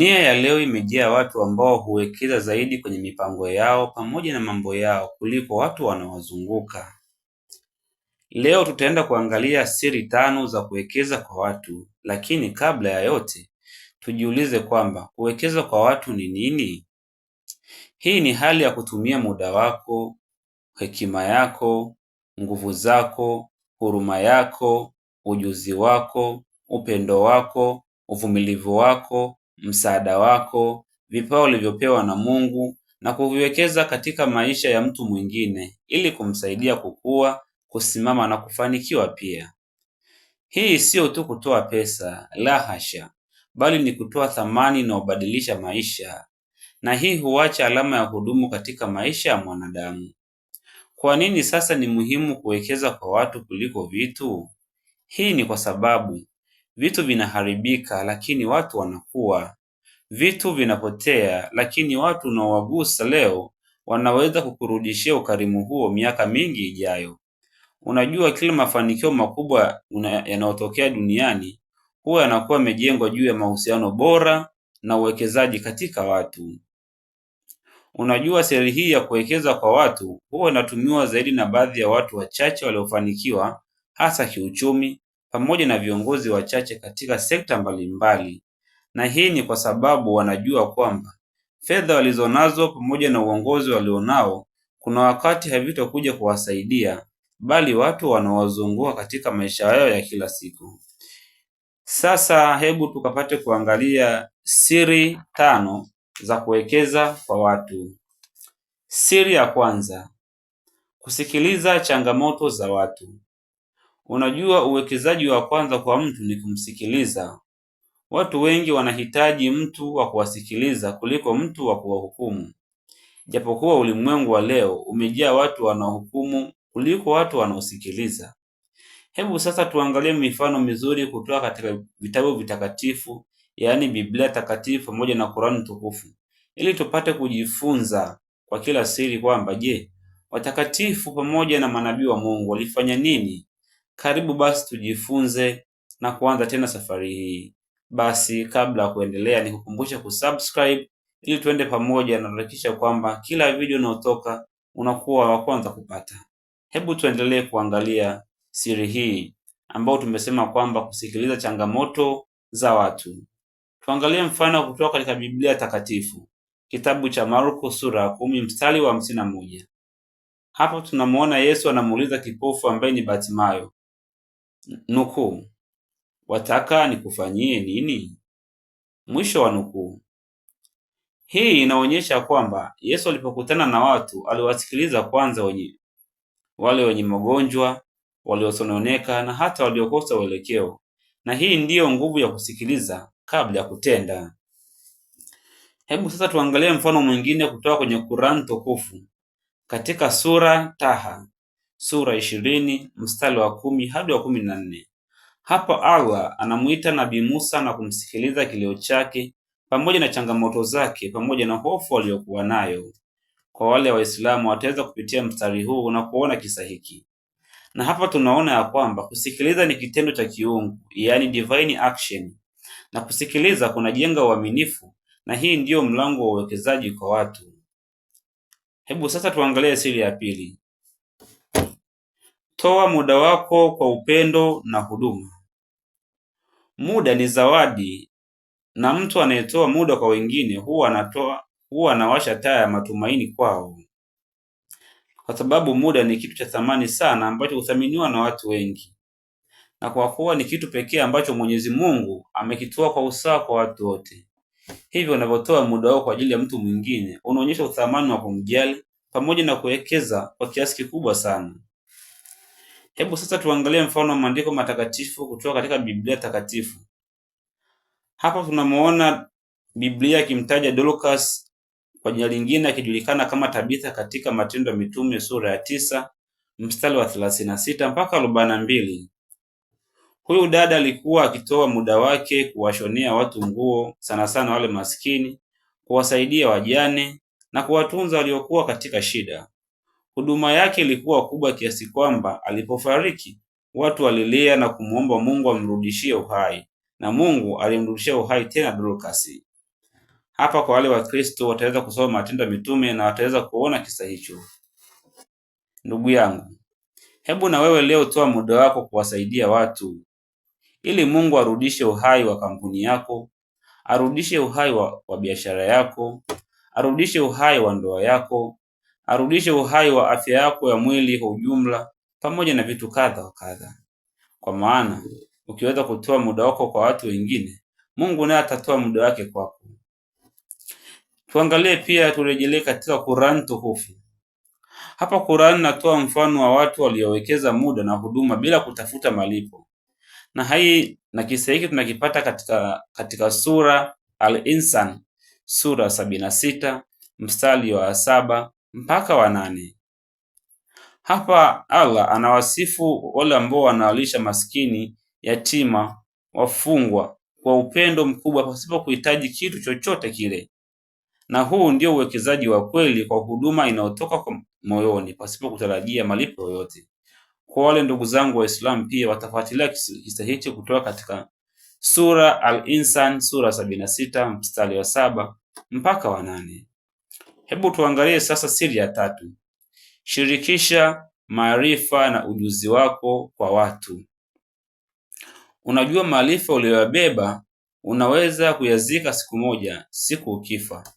Dunia ya leo imejaa watu ambao huwekeza zaidi kwenye mipango yao pamoja na mambo yao kuliko watu wanaowazunguka. Leo tutaenda kuangalia siri tano za kuwekeza kwa watu, lakini kabla ya yote tujiulize kwamba kuwekeza kwa watu ni nini? Hii ni hali ya kutumia muda wako, hekima yako, nguvu zako, huruma yako, ujuzi wako, upendo wako, uvumilivu wako msaada wako, vipawa ulivyopewa na Mungu na kuviwekeza katika maisha ya mtu mwingine ili kumsaidia kukua, kusimama na kufanikiwa pia. Hii siyo tu kutoa pesa, la hasha, bali ni kutoa thamani inayobadilisha maisha, na hii huacha alama ya kudumu katika maisha ya mwanadamu. Kwa nini sasa ni muhimu kuwekeza kwa watu kuliko vitu? Hii ni kwa sababu Vitu vinaharibika lakini watu wanakuwa. Vitu vinapotea lakini watu unaowagusa leo wanaweza kukurudishia ukarimu huo miaka mingi ijayo. Unajua, kila mafanikio makubwa yanayotokea duniani huwa yanakuwa yamejengwa juu ya mahusiano bora na uwekezaji katika watu. Unajua, seri hii ya kuwekeza kwa watu huwa inatumiwa zaidi na baadhi ya watu wachache waliofanikiwa hasa kiuchumi pamoja na viongozi wachache katika sekta mbalimbali, na hii ni kwa sababu wanajua kwamba fedha walizonazo pamoja na uongozi walionao kuna wakati havitokuja kuwasaidia, bali watu wanaowazunguka katika maisha yao ya kila siku. Sasa hebu tukapate kuangalia siri tano za kuwekeza kwa watu. Siri ya kwanza, kusikiliza changamoto za watu. Unajua, uwekezaji wa kwanza kwa mtu ni kumsikiliza. Watu wengi wanahitaji mtu wa kuwasikiliza kuliko mtu wa kuwahukumu, japokuwa ulimwengu wa leo umejaa watu wanaohukumu kuliko watu wanaosikiliza. Hebu sasa tuangalie mifano mizuri kutoka katika vitabu vitakatifu, yaani Biblia Takatifu pamoja na Kurani Tukufu, ili tupate kujifunza kwa kila siri kwamba je, watakatifu pamoja na manabii wa Mungu walifanya nini karibu basi tujifunze na kuanza tena safari hii. Basi kabla ya kuendelea, nikukumbusha kusubscribe ili tuende pamoja na kuhakikisha kwamba kila video inayotoka unakuwa wa kwanza kupata. Hebu tuendelee kuangalia siri hii ambayo tumesema kwamba kusikiliza changamoto za watu. Tuangalie mfano kutoka katika Biblia Takatifu, kitabu cha Marko sura ya kumi mstari wa hamsini na moja. Hapo tunamuona Yesu anamuuliza kipofu ambaye ni Batimayo, Nukuu, wataka nikufanyie nini? Mwisho wa nukuu. Hii inaonyesha kwamba Yesu alipokutana na watu aliwasikiliza kwanza wenye wale wenye magonjwa, waliosononeka na hata waliokosa uelekeo, na hii ndiyo nguvu ya kusikiliza kabla ya kutenda. Hebu sasa tuangalie mfano mwingine kutoka kwenye Kurani tukufu katika sura Taha sura 20 mstari wa kumi hadi wa kumi na nne. Hapa Allah anamuita Nabii Musa na kumsikiliza kilio chake pamoja na changamoto zake pamoja na hofu aliyokuwa nayo. Kwa wale Waislamu wataweza kupitia mstari huu na kuona kisa hiki, na hapa tunaona ya kwamba kusikiliza ni kitendo cha kiungu, yani divine action, na kusikiliza kunajenga uaminifu, na hii ndiyo mlango wa uwekezaji kwa watu. Hebu sasa tuangalie siri ya pili toa muda wako kwa upendo na huduma. Muda ni zawadi, na mtu anayetoa muda kwa wengine huwa anatoa huwa anawasha taa ya matumaini kwao, kwa sababu muda ni kitu cha thamani sana ambacho huthaminiwa na watu wengi, na kwa kuwa ni kitu pekee ambacho Mwenyezi Mungu amekitoa kwa usawa kwa watu wote. Hivyo unavyotoa muda wako kwa ajili ya mtu mwingine, unaonyesha uthamani wa kumjali pamoja na kuwekeza kwa kiasi kikubwa sana. Hebu sasa tuangalie mfano wa maandiko matakatifu kutoka katika Biblia takatifu. Hapa tunamuona Biblia akimtaja Dorcas kwa jina lingine akijulikana kama Tabitha katika Matendo ya Mitume sura ya tisa mstari wa 36 mpaka 42. Huyu dada alikuwa akitoa muda wake kuwashonea watu nguo, sana sana wale maskini, kuwasaidia wajane na kuwatunza waliokuwa katika shida. Huduma yake ilikuwa kubwa kiasi kwamba alipofariki watu walilia na kumwomba Mungu amrudishie uhai, na Mungu alimrudishia uhai tena Dorcas. Hapa kwa wale Wakristo wataweza kusoma Matendo ya Mitume na wataweza kuona kisa hicho. Ndugu yangu, hebu na wewe leo toa muda wako kuwasaidia watu ili Mungu arudishe uhai wa kampuni yako, arudishe uhai wa, wa biashara yako, arudishe uhai wa ndoa yako, arudishe uhai wa afya yako ya mwili kwa ujumla, pamoja na vitu kadha wa kadha, kwa maana ukiweza kutoa muda wako kwa watu wengine, Mungu naye atatoa muda wake kwako. Tuangalie pia, turejelee katika Qur'an tukufu. Hapa Qur'an natoa mfano wa watu waliowekeza muda na huduma bila kutafuta malipo, na hai na kisa hiki tunakipata katika, katika sura Al-Insan sura sabini na sita mstari wa saba mpaka wanane. Hapa Allah anawasifu wale ambao wanawalisha maskini, yatima, wafungwa kwa upendo mkubwa pasipo kuhitaji kitu chochote kile, na huu ndio uwekezaji wa kweli kwa huduma inayotoka kwa moyoni pasipo kutarajia malipo yoyote. Kwa wale ndugu zangu Waislamu pia watafuatilia kisa hicho kutoka katika sura Al-Insan sura 76 mstari wa saba mpaka wa nane. Hebu tuangalie sasa siri ya tatu: shirikisha maarifa na ujuzi wako kwa watu. Unajua, maarifa uliyoyabeba unaweza kuyazika siku moja, siku ukifa,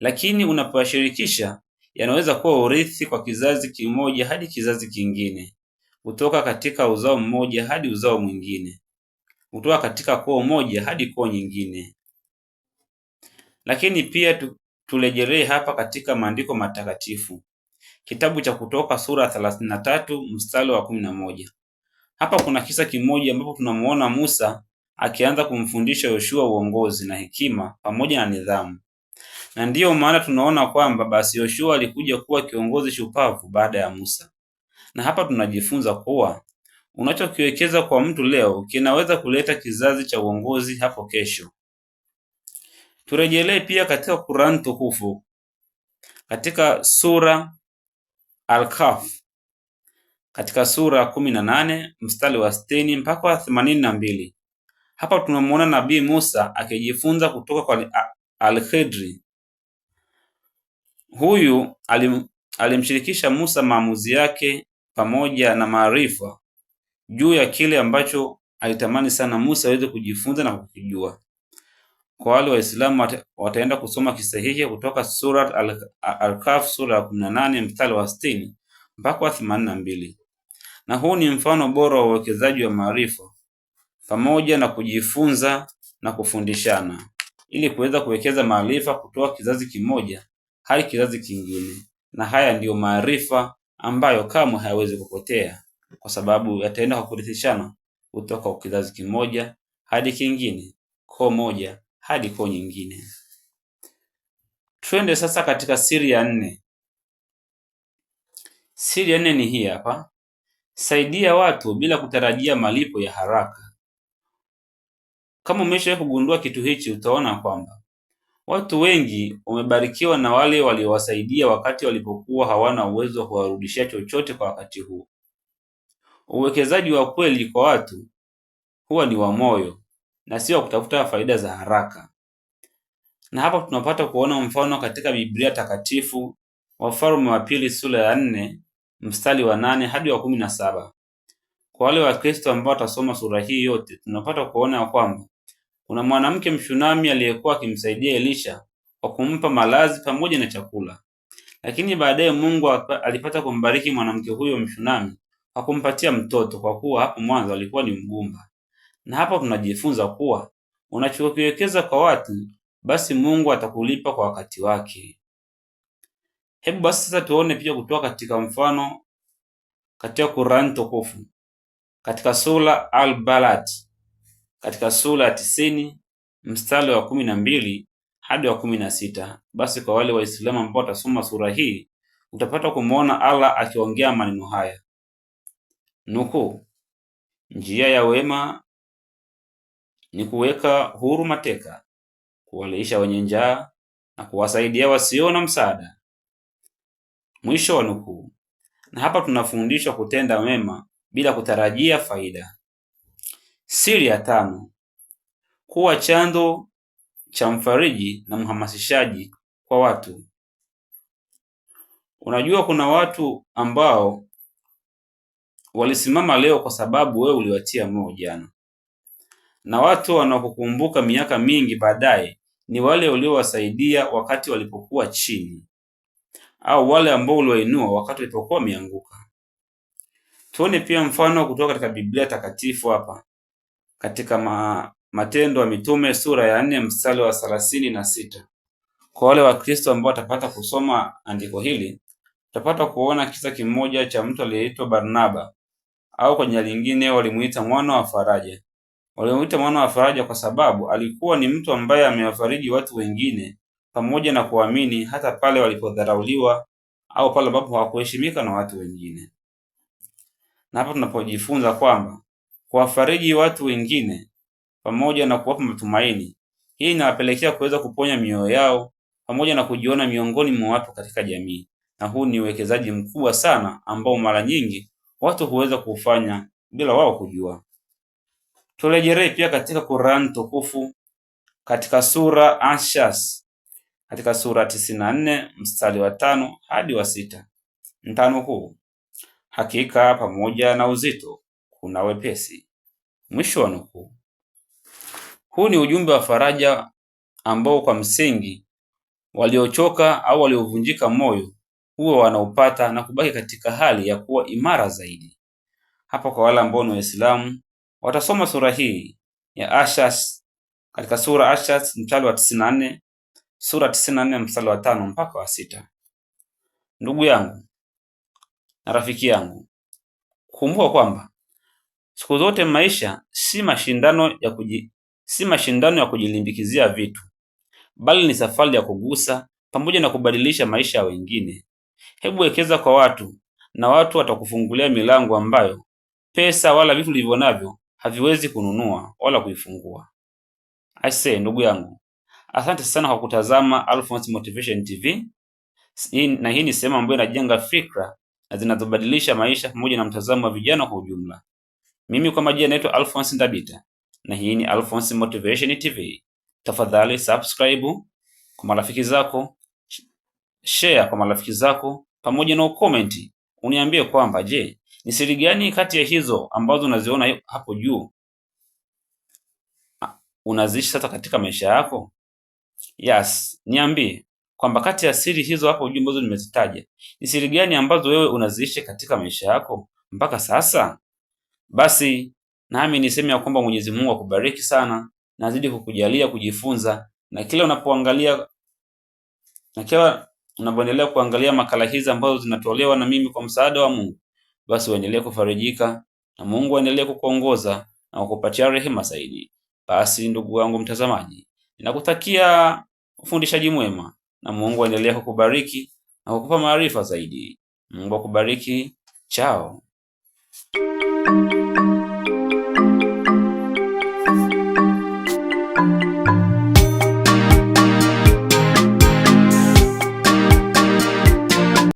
lakini unapoyashirikisha yanaweza kuwa urithi kwa kizazi kimoja hadi kizazi kingine, kutoka katika uzao mmoja hadi uzao mwingine, kutoka katika koo moja hadi koo nyingine. Lakini pia Turejelee hapa katika maandiko matakatifu, kitabu cha Kutoka sura 33 mstari wa moja. Hapa kuna kisa kimoja ambapo tunamuona Musa akianza kumfundisha Yoshua uongozi na hekima pamoja na nidhamu, na ndiyo maana tunaona kwamba basi Yoshua alikuja kuwa kiongozi shupavu baada ya Musa. Na hapa tunajifunza kuwa unachokiwekeza kwa mtu leo kinaweza kuleta kizazi cha uongozi hapo kesho. Turejelee pia katika Qur'an tukufu katika sura Al-Kahf katika sura kumi na nane mstari wa sitini mpaka wa themanini na mbili. Hapa tunamuona Nabii Musa akijifunza kutoka kwa Al-Khidri. Huyu alim, alimshirikisha Musa maamuzi yake pamoja na maarifa juu ya kile ambacho alitamani sana Musa aweze kujifunza na kukijua. Kwa wale Waislamu wataenda kusoma kisahihi kutoka Surat Al-Kahf sura ya 18 mstari wa 60 mpaka wa 82. Na huu ni mfano bora wa uwekezaji wa maarifa pamoja na kujifunza na kufundishana ili kuweza kuwekeza maarifa kutoka kizazi kimoja hadi kizazi kingine. Na haya ndiyo maarifa ambayo kamwe hayawezi kupotea, kwa sababu yataenda kwa kurithishana kutoka kizazi kimoja hadi kingine, koo moja hadi koo nyingine. Twende sasa katika siri ya nne. Siri ya nne ni hii hapa: saidia watu bila kutarajia malipo ya haraka. Kama umeshawahi kugundua kitu hichi, utaona kwamba watu wengi wamebarikiwa na wale waliowasaidia wakati walipokuwa hawana uwezo wa kuwarudishia chochote kwa wakati huo. Uwekezaji wa kweli kwa watu huwa ni wa moyo, na sio kutafuta faida za haraka. Na hapa tunapata kuona mfano katika Biblia Takatifu, Wafalme wa Pili sura ya nne mstari wa nane hadi wa kumi na saba. Kwa wale Wakristo ambao watasoma sura hii yote, tunapata kuona ya kwamba kuna mwanamke Mshunami aliyekuwa akimsaidia Elisha kwa kumpa malazi pamoja na chakula, lakini baadaye Mungu alipata kumbariki mwanamke huyo Mshunami kwa kumpatia mtoto, kwa kuwa hapo mwanzo alikuwa ni mgumba. Na hapa tunajifunza kuwa unachokiwekeza kwa watu, basi Mungu atakulipa kwa wakati wake. Hebu basi sasa tuone pia kutoka katika mfano katika Qur'an tukufu katika sura Al-Balad katika sura ya tisini mstari wa kumi na mbili hadi wa kumi na sita. Basi kwa wale Waislamu ambao watasoma sura hii utapata kumwona Allah akiongea maneno haya nukuu: njia ya wema ni kuweka huru mateka, kuwalisha wenye njaa na kuwasaidia wasio na msaada. Mwisho wa nukuu. Na hapa tunafundishwa kutenda mema bila kutarajia faida. Siri ya tano: kuwa chanzo cha mfariji na mhamasishaji kwa watu. Unajua, kuna watu ambao walisimama leo kwa sababu wewe uliwatia moyo jana na watu wanaokukumbuka miaka mingi baadaye ni wale uliowasaidia wakati walipokuwa chini, au wale ambao uliwainua wakati walipokuwa wameanguka. Tuone pia mfano kutoka katika Biblia takatifu hapa katika ma, Matendo ya Mitume sura ya nne mstari wa thelathini na sita. Kwa wale Wakristo ambao watapata kusoma andiko hili utapata kuona kisa kimoja cha mtu aliyeitwa Barnaba au kwa jina lingine walimuita mwana wa faraja waliomwita mwana wa faraja kwa sababu alikuwa ni mtu ambaye amewafariji watu wengine pamoja na kuamini hata pale walipodharauliwa au pale ambapo hawakuheshimika na watu wengine. Na hapa tunapojifunza kwamba kuwafariji watu wengine pamoja na kuwapa matumaini, hii inawapelekea kuweza kuponya mioyo yao pamoja na kujiona miongoni mwa watu katika jamii, na huu ni uwekezaji mkubwa sana ambao mara nyingi watu huweza kufanya bila wao kujua. Turejelee pia katika Qur'an tukufu katika sura Anshas katika sura 94 mstari wa tano hadi wa sita huu hakika pamoja na uzito kuna wepesi, mwisho wa nukuu. Huu ni ujumbe wa faraja ambao kwa msingi waliochoka au waliovunjika moyo huwa wanaupata na kubaki katika hali ya kuwa imara zaidi. Hapa kwa wale ambao ni Waislamu Watasoma sura hii ya Ashas katika sura Ashas mstari wa 94, sura 94 mstari wa 5 mpaka wa sita. Ndugu yangu na rafiki yangu, kumbuka kwamba siku zote maisha si mashindano ya kuji, si mashindano ya kujilimbikizia vitu, bali ni safari ya kugusa pamoja na kubadilisha maisha ya wengine. Hebu wekeza kwa watu na watu watakufungulia milango ambayo pesa wala vitu ulivyonavyo haviwezi kununua wala kuifungua. Aise ndugu yangu, asante sana kwa kutazama Alphonsi Motivation TV. Na hii ni sehemu ambayo inajenga fikra na zinazobadilisha maisha pamoja na mtazamo wa vijana kwa ujumla. Mimi kwa majina naitwa Alphonsi Ndabita na hii ni Alphonsi Motivation TV. Tafadhali subscribe kwa marafiki zako, share kwa marafiki zako pamoja na ukomenti uniambie kwamba je, ni siri gani kati ya hizo ambazo unaziona hapo juu unaziishi sasa katika maisha yako? Yes, niambie kwamba kati ya siri hizo hapo juu ambazo nimezitaja, ni siri gani ambazo wewe unaziishi katika maisha yako mpaka sasa? Basi nami niseme ya kwamba Mwenyezi Mungu akubariki sana nazidi kukujalia kujifunza, na kila unapoangalia na kila unapoendelea kuangalia makala hizi ambazo zinatolewa na mimi kwa msaada wa Mungu, basi uendelee kufarijika na Mungu aendelee kukuongoza na kukupatia rehema zaidi. Basi ndugu wangu mtazamaji, ninakutakia ufundishaji mwema na Mungu aendelee kukubariki na kukupa maarifa zaidi. Mungu akubariki. Chao.